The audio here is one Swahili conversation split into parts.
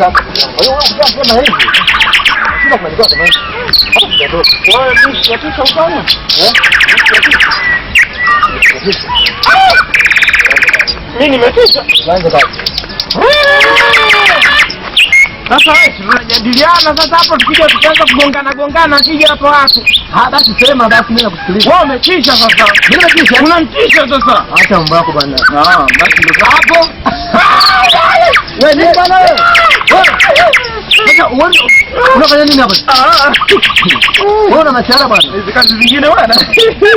sasa. Kwa hiyo tunajadiliana sasa hapo, tukija tukianza kugongana gongana, akija hapo watu. Ah, basi sema basi, mimi nakusikiliza. Wewe umetisha sasa. Mimi natisha. Unamtisha sasa. Acha mambo yako bwana. Ah, basi ndio hapo. Ah! Wewe nenda bana wewe. Sasa uone unafanya nini hapa? Ah. ah, ah. Wewe una mashara bana. Hizi kazi zingine bana.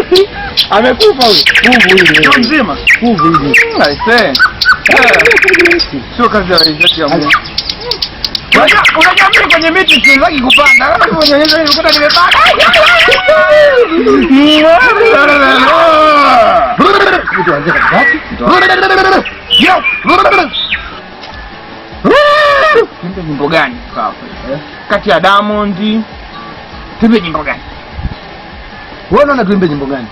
Amekufa huyu. Kuvu hivi. Sio mzima. Kuvu hivi. Aise. Hmm, eh. eh. Sio kazi ya riziki ya Mungu. Unajua mimi kwenye miti siwezi kupanda. Kama hivyo nyonyesha hivi ukata nimepanda. Mtu anze katikati. Yo tuimbe jimbo gani sasa hapa? Kati ya Diamond tuimbe jimbo gani? Wewe unaona tuimbe jimbo gani?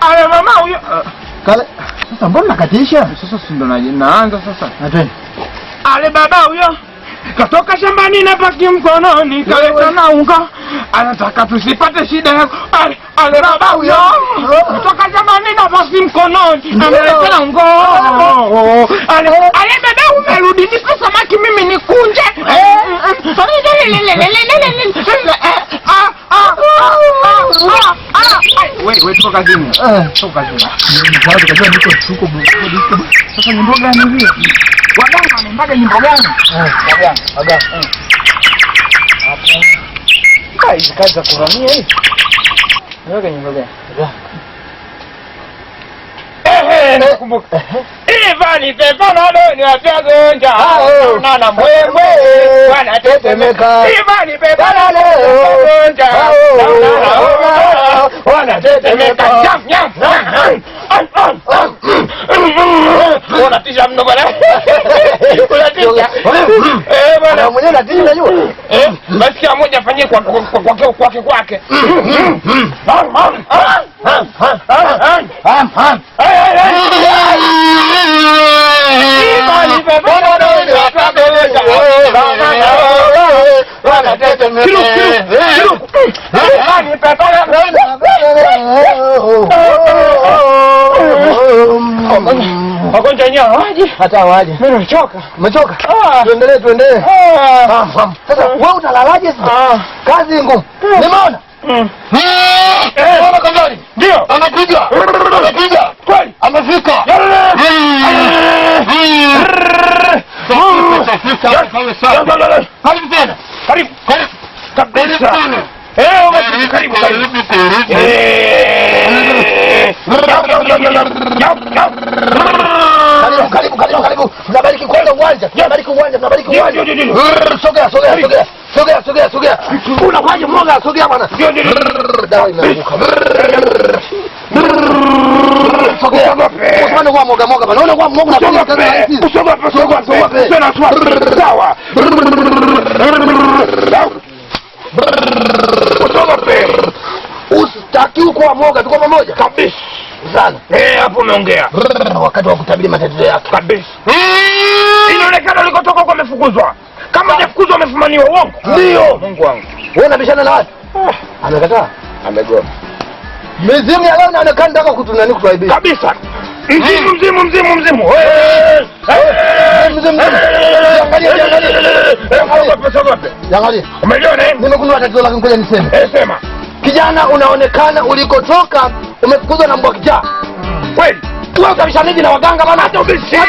Ala mama huyo. Uh, kale sasa mbona nakatisha? Sasa si ndo naanza sasa. Atende. Ale baba huyo. Katoka shambani na paki mkononi kaleta na unga. Anataka tusipate shida ya ale, ale baba huyo. Oh. Katoka shambani na paki mkononi analeta na unga. Oh. Ale ale nikunje eh. sasa. Nyimbo gani hiyo? Waganga wanaimbaga nyimbo gani? Waganga, waganga hizi kazi za kuramia hizi, waganga nyimbo gani? Iva nipepanado niwapyazo njaa nana mbwembwe wanatetemeka. Iva nipepanado niwapyazo njaa nana mbwembwe wanatetemeka. Nyam nyam unatisha mno bwana, unatisha eh bwana, mwenyewe unatisha unajua eh. Basi kila mmoja afanyie kwake kwake kwake. Wagonjwa wenyewe hawaji, hata hawaji. Mimi nimechoka. Umechoka? Tuendelee, tuendelee. Sasa wewe utalalaje sasa? Kazi ngumu. Nimeona. Mm. Ah! Eh! Ndio Karibu, karibu, karibu. Mnabariki eh. kwanza uwanja, mnabariki uwanja, mnabariki uwanja. Sogea, sogea, sogea. Sogea, sogea, sogea. Unapaje mwoga? Sogea bwana. Ndio ndio. Dawa inaanguka. Sogea. Usifanye kwa mwoga mwoga bwana. Unaona kwa mwoga unafanya kazi rahisi. Usiogope, usiogope. Tena swali. Dawa. Usiogope. Usitaki uko mwoga, tuko pamoja. Kabisa. Sana. Eh, hapo umeongea. Wakati wa kutabiri matatizo yako. Kabisa. Inaonekana ulikotoka uko umefukuzwa kama hajafukuzwa wamefumaniwa Uongo ndio. Mungu wangu, wewe unabishana na watu. Eh. Amekataa, amegoma mizimu ya leo inaonekana ndaka kutunani kutuaibisha kabisa. Mzimu, mzimu, mzimu, mzimu. Umejua nini? Nimegundua tatizo lako, ngoja niseme. Eh, sema. Kijana unaonekana ulikotoka umefukuzwa na mbwa kichaa. Kweli. Wewe utabishaniji na waganga bana hata ubishi.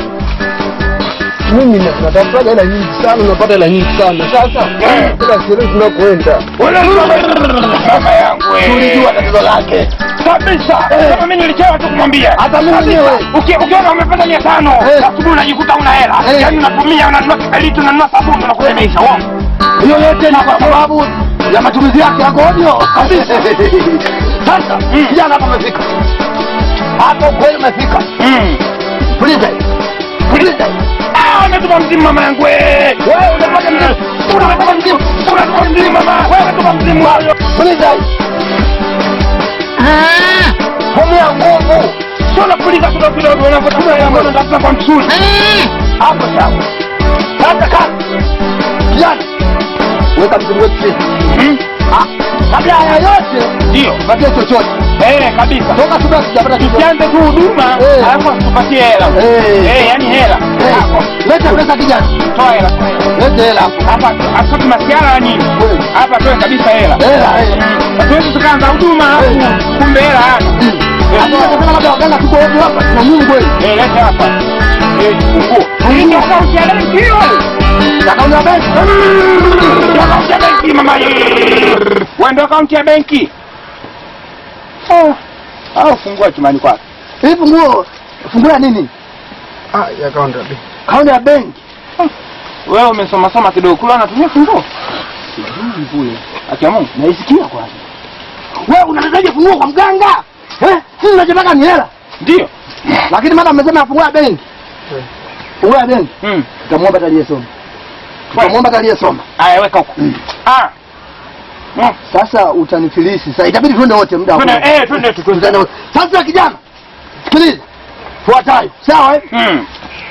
mimi natafuta hela nyingi sana, unapata hela nyingi sana. Sasa kila sehemu tunakwenda, baba yangu tulijua tatizo lake kabisa. Kama eh. mimi nilichelewa tu kumwambia, hata mimi mwenyewe ukiona umepata mia tano eh. asubuhi unajikuta una hela, eh. yaani unatumia, unanunua kiberiti, unanunua sabuni, unakusemesha uongo. Hiyo yote ni kwa sababu ya matumizi yake ya godio kabisa. Sasa mm. kijana hapo umefika, hapo kweli umefika. Please, mm. please mzimu mama yangu wewe, unapata mzimu, unapata mzimu, unapata mzimu mama wewe, unapata mzimu hayo. Sikiliza ah, hamu ya nguvu sio nakulika tu bila ndio unapotafuta ya mbona ndafuta kwa msuri hapo sawa. Sasa kaka yani, weka mzimu wetu chini, ah, kabla ya yote ndio patie chochote eh, kabisa toka kabisa sijapata kitu, tuanze tu huduma alafu tupatie hela eh, yani hela yako, leta pesa kijana, toa hela, leta hela hapa, asante masiara nini hapa, toa kabisa hela hela, hatuwezi tukaanza huduma kumbe hela hapa, hata labda waganga tuko wote hapa na Mungu eh, leta hapa eh, funguo ndio kwa usiana hiyo akaunti ya benki mama, wewe ndio akaunti ya benki Ah, ah, fungua chumani kwako. Hii funguo fungua nini? Ah, ya kaunti ya benki. Kaunti ya benki. Hmm. Wewe umesoma soma kidogo kule anatumia funguo. Sijui kule. Akiamu, Mungu, naisikia kwanza. Wewe unaleteje funguo kwa mganga? Eh? Sisi tunajipaka ni hela. Ndio. Lakini mama amesema afungua ya benki. Eh. Fungua ya benki. Mm. Tutamwomba tarie soma. Tutamwomba tarie soma. Aya, weka huko. Hmm. Ah. Eh, sasa utanifilisi. Sasa itabidi twende wote muda huu. Eh, twende wote. Sasa kijana. Sikiliza. Fuatayo. Sawa eh? Mm.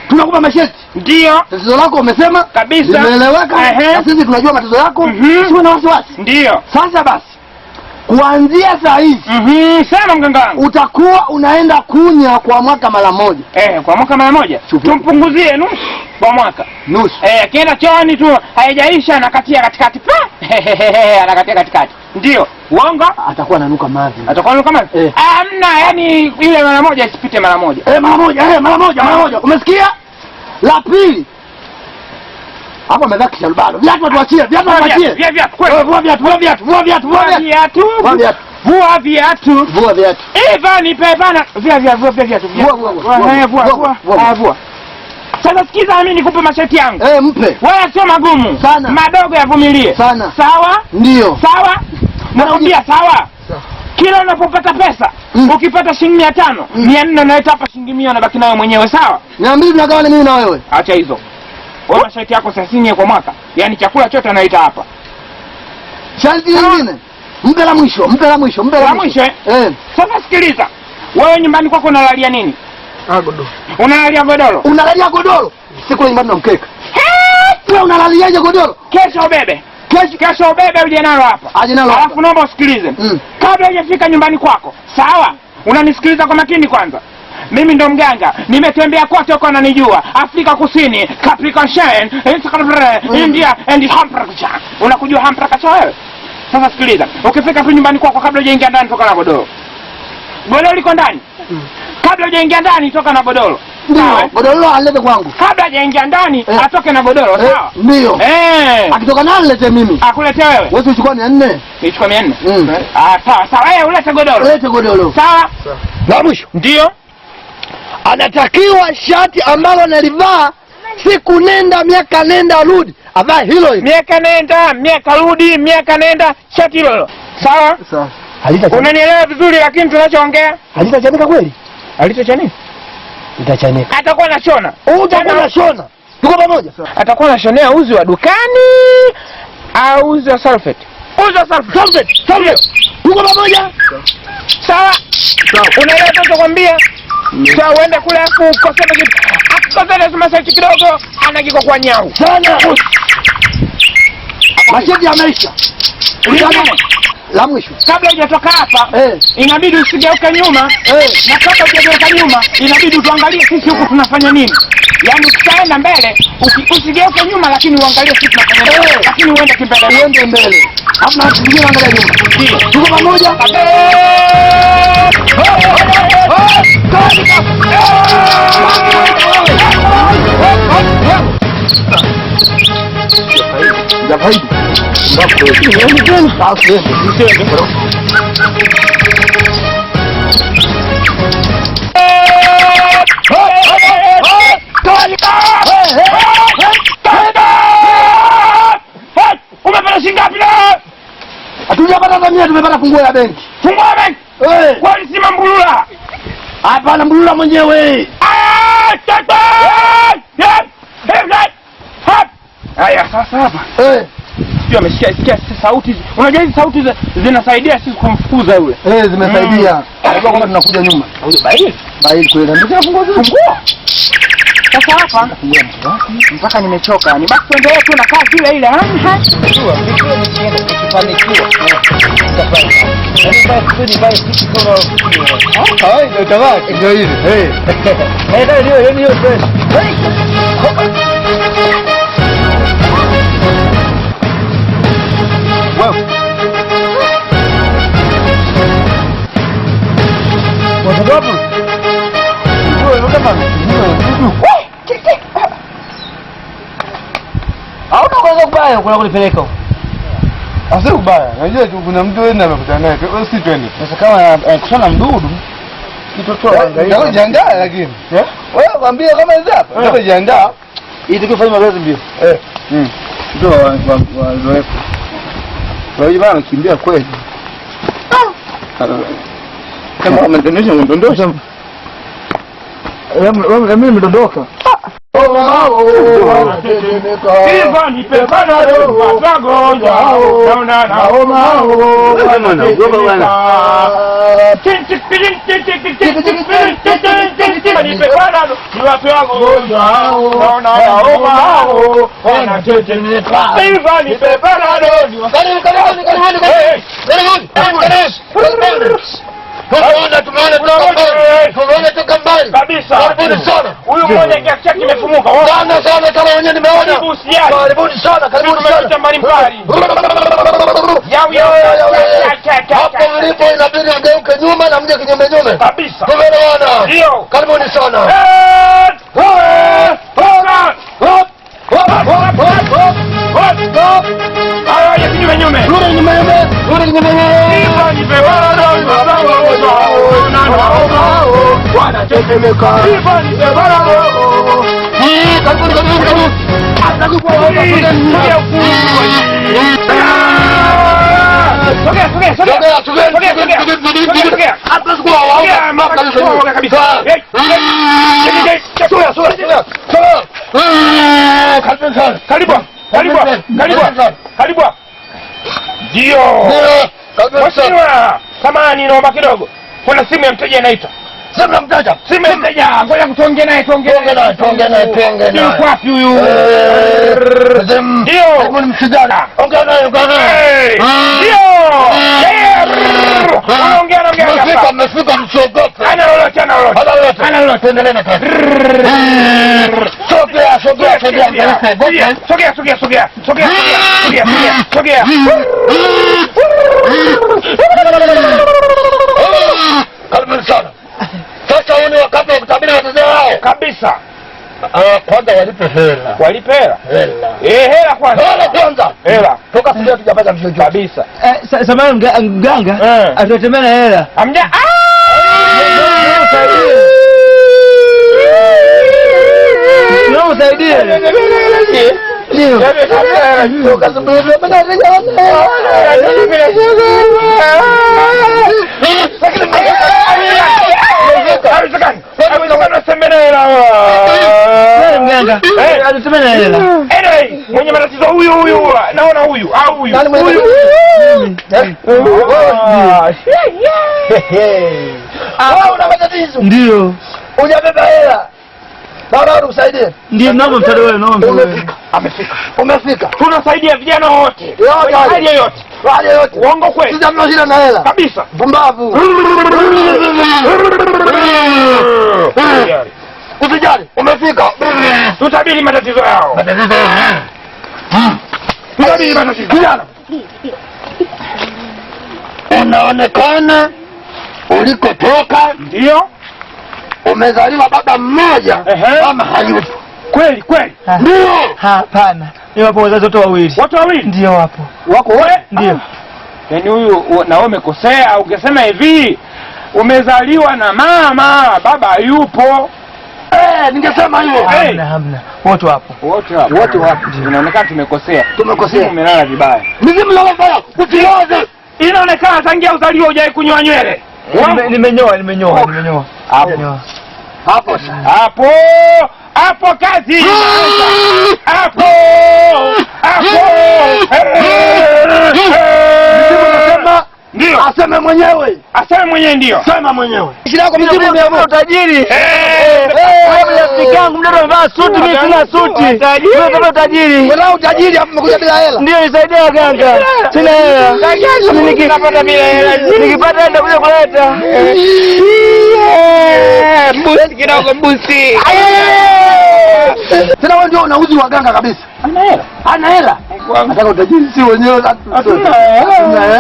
Tunakupa masheti. Ndio. Tatizo lako umesema kabisa. Limeeleweka. Na sisi tunajua matatizo yako. Sio mhm. na wasiwasi. Ndio. Sasa basi kuanzia saa hizi mm -hmm, sema mganga utakuwa unaenda kunya kwa mwaka mara moja eh, kwa mwaka mara moja tumpunguzie nusu kwa mwaka nusu eh, akienda choni tu haijaisha anakatia katikati anakatia katikati ndio uongo, atakuwa nanuka mavi, atakuwa ananuka mavi eh. yani ile mara moja isipite mara moja eh, mara moja eh, mara moja mara moja, umesikia? La pili hapo amevaa kisharubalo. Viatu watu wachie, viatu wachie. Vua viatu, vua viatu, vua viatu, vua viatu. Vua viatu. Vua viatu. Vua viatu. Eva nipe bana. Vua viatu, vua viatu. Vua vua vua. Vua vua. Eh, ah, Sasa sikiza mimi nikupe masharti yangu. Eh, mpe. Wala sio magumu. Sana. Madogo yavumilie. Sana. Sawa? Ndio. Sawa? Nakwambia sawa. Kila unapopata pesa mm. Ukipata shilingi 500, 400 mm. Naleta hapa shilingi 100 nabaki nayo mwenyewe sawa? Niambie tunagawana mimi na wewe. Acha hizo wewe masharti yako 30 kwa mwaka, yaani chakula chote anaita hapa. Sharti nyingine mbe la mwisho, mbe la mwisho, mbe la mwisho. Eh? eh, sasa sikiliza wewe, nyumbani kwako unalalia nini? Ah, godoro. Unalalia godoro, unalalia godoro. Siku nyumbani na mkeka. Wewe unalaliaje godoro? Kesho ubebe kesho, kesho ubebe uje nalo hapa, aje nalo Alafu naomba usikilize, mm. kabla hajafika nyumbani kwako, sawa? Unanisikiliza kwa makini kwanza mimi ndo mganga, nimetembea kote huko, ananijua Afrika Kusini, India and Hamprakacha. Unakujua Hamprakacha wewe? Sasa sikiliza, ukifika tu nyumbani kwako, kabla ujaingia ndani, toka na godoro. Godoro liko ndani? Hmm. Kabla ujaingia ndani, toka na godoro. godoro alete kwangu. Kabla ndani, eh. atoke na godoro, eh, sawa? Ndio. Eh. Akitoka mimi? Akulete wewe. Nichukua hmm. ah, sawa sawa. ulete godoro. Ulete godoro. Sawa? mwisho. Ndio anatakiwa shati ambalo analivaa siku nenda miaka nenda rudi, avae hilo hilo miaka nenda miaka rudi, miaka nenda shati hilo hilo. Sawa, sawa, unanielewa vizuri, lakini tunachoongea halitachanika kweli, halitachanika itachanika, atakuwa nashona, utakuwa nashona, tuko pamoja. Atakuwa nashonea uzi wa dukani au uzi wa sulfate, uzi wa sulfate, sulfate, tuko pamoja. Sawa, sawa, unaelewa tunachokwambia? Sasa uende kule afu ukosana kitu. Akikosana lazima sasa kidogo anajiko kwa nyau. Sana. Mashaji ameisha. Ulikana la mwisho kabla hujatoka hapa eh, inabidi usigeuke nyuma eh, na kabla hujageuka nyuma inabidi tuangalie sisi huku tunafanya nini. Yaani ukitaenda mbele usigeuke nyuma, lakini uangalie sisi tunafanya nini eh, lakini uende kimbele, uende mbele, hamna watu wengine angalia nyuma. tuko pamoja kabisa. Hatujapata dhamia, tumepata funguo ya benki. Funguo ya benki? Eh. Kwa nini Hapana, mbulula mwenyewe. Haya, sasa hapa. Eh sio amesikia sikia sauti. Unajua hizi sauti zinasaidia sisi kumfukuza yule. Eh, zimesaidia. Unajua mm. kwamba tunakuja nyuma. Huyo baili. Baili kweli. Ndio fungua fungua. Sasa hapa mpaka nimechoka. Ni basi tuendelee tu na kazi ile ile. Eh. Ndio hivi. Eh. eh Ubaya kuna kulipeleka asi ah, ubaya, najua kuna mtu wewe amekutana naye, si twende sasa. Kama anakutana mdudu eh, jiandaa, lakini eh? wewe kwambia kama hizi hapa eh. jiandaa, ili tukifanya mazoezi mbio hmm. ndio wazoefu Wajibana anakimbia kweli. Kama amedondosha, amedondosha. Mimi nimedondoka. máa o àṣejì nìkan. tí ìbọn ní pé bọ́dọ̀ ló wà sọ́gun ọjà o dáúnára o máa o àṣejì nìkan. títí pírín títí títí pírín títí títí ní pé bọ́dọ̀ ló wà sọ́gun ọjà o dáúnára o máa o àṣejì nìkan. tí ìbọn ní sana sana, kama wenyewe nimeona. Karibuni sana, karibuni sana hapo mlipo, inabidi mgeuke nyuma na mje kinyume nyume kabisa. Tumeelewana? Karibuni sana. wanatetemeka Karibwa ndio. Mheshimiwa, samahani, naomba kidogo, kuna simu ya mteja inaita. Calmen eh, sana. yani wakati wa kutabiri matokeo yao kabisa. Uh, kwanza walipe hela, walipe hela hela, eh, hela kwanza, hela kwanza, hela toka sasa tujapata mshoro kabisa. Eh, samahani mganga, atatemea na hela amja usaidie haiwezekani. Anasemea hela. Mganga. Anasemea eh? hela. Anyway, mwenye matatizo huyu huyu naona huyu au huyu. Huyu. Eh? Eh? Ah, ah. una matatizo. Ndio. Hujabeba hela. Baba usaidie. Ndio naomba msaada wewe naomba. Umefika. Amefika. Umefika. Tunasaidia vijana wote. Yote. Yote. Wale yote. Uongo kweli. Sisi hamna shida na hela. Kabisa. Pumbavu. Usijali, umefika. Tutabiri matatizo yao. Matatizo Tutabiri matatizo. Unaonekana ulikotoka. Ndio. Umezaliwa baba mmoja. kama hayupo. Kweli kweli? Ah. Ndio. Hapana. Ni wapo wazazi wote wawili. Watu wawili? Ndio wapo. Wako wewe? Ndio. Ah. Yaani huyu na wewe umekosea, ukisema hivi umezaliwa na mama, baba yupo. Eh, ningesema hivyo. Hamna, hamna. Wote wapo. Wote wapo. Wote wapo. Inaonekana tumekosea. Tumekosea. Umelala vibaya. Mimi lala vibaya. Utilaze. Inaonekana tangia uzaliwa hujai kunywa nywele. Nimenyoa, nimenyoa, oh. nimenyoa. Hapo. Hapo. Hapo. Apo! Apo! Apo! Ndio. Aseme mwenyewe. Aseme mwenyewe ndio. Sema mwenyewe. Shida yako mzimu Utajiri. Eh. Eh, eh, mdogo amevaa suti, mimi sina suti. Wewe kama utajiri. Wewe utajiri hapo umekuja bila hela. Ndio nisaidie waganga. Sina hela. Mimi Nikipata bila hela. Nikipata ndio kuja kuleta. Busi kidogo busi. Tena wewe ndio unauzi waganga kabisa. Ana hela. Ana hela. Nataka utajiri si wenyewe. Ana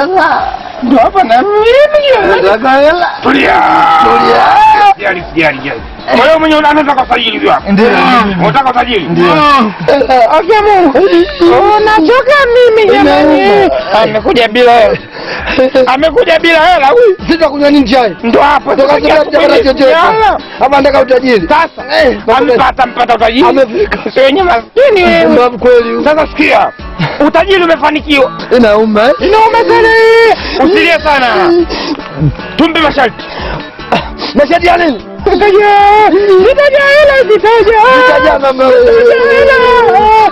hela. Gua pernah minum ya. Gua kaya lah. Turia. Turia. Sijali, sijali, sijali. Kwa hiyo mwenye unataka usajili hivi hapa. Ndio. Unataka usajili? Ndio. Afya Mungu. Unachoka mimi jamani. Amekuja bila hela. Amekuja bila hela huyu. Sitakunywa nini chai? Ndio hapo. Hapa ndaka utajiri. Sasa eh, amepata mpata utajiri. Amefika. Sio wenyewe maskini wewe. Ndio kweli. Sasa sikia. Utajiri umefanikiwa. Inauma. Inauma sana. Usilie sana. Tumbe masharti. Nasaidia nini?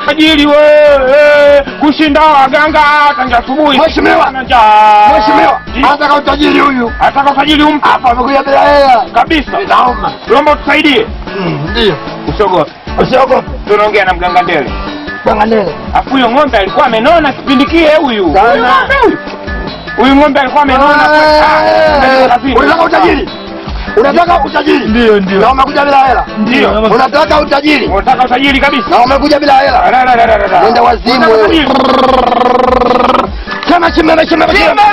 Ajili wewe kushinda waganga tangia asubuhi. Mheshimiwa, Mheshimiwa, hata kwa huyu, hata kwa tajiri hapa amekuja bila hela kabisa. Naomba, naomba tusaidie. Mm, ndio, usiogope, usiogope, tunaongea na mganga Ndele. Mganga Ndele, afu huyo ng'ombe alikuwa amenona kipindi kile huyu huyu ng'ombe alikuwa amenona. Eh. Unataka utajiri Unataka utajiri? Ndio, ndio. Na umekuja bila hela? Ndio. Unataka utajiri? Unataka utajiri kabisa. Na umekuja bila hela? Nenda wazimu Chama kweli. Baba.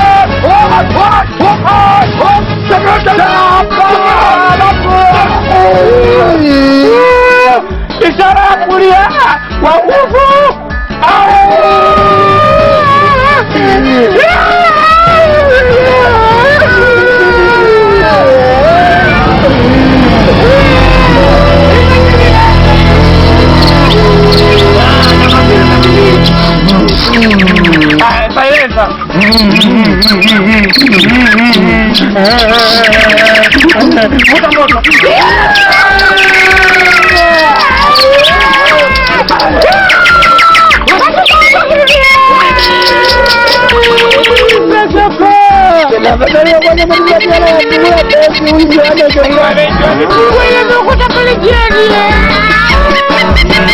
Anda berbuat salah dulu atas Anda jangan. Gue yang mau kuda kelejian ya.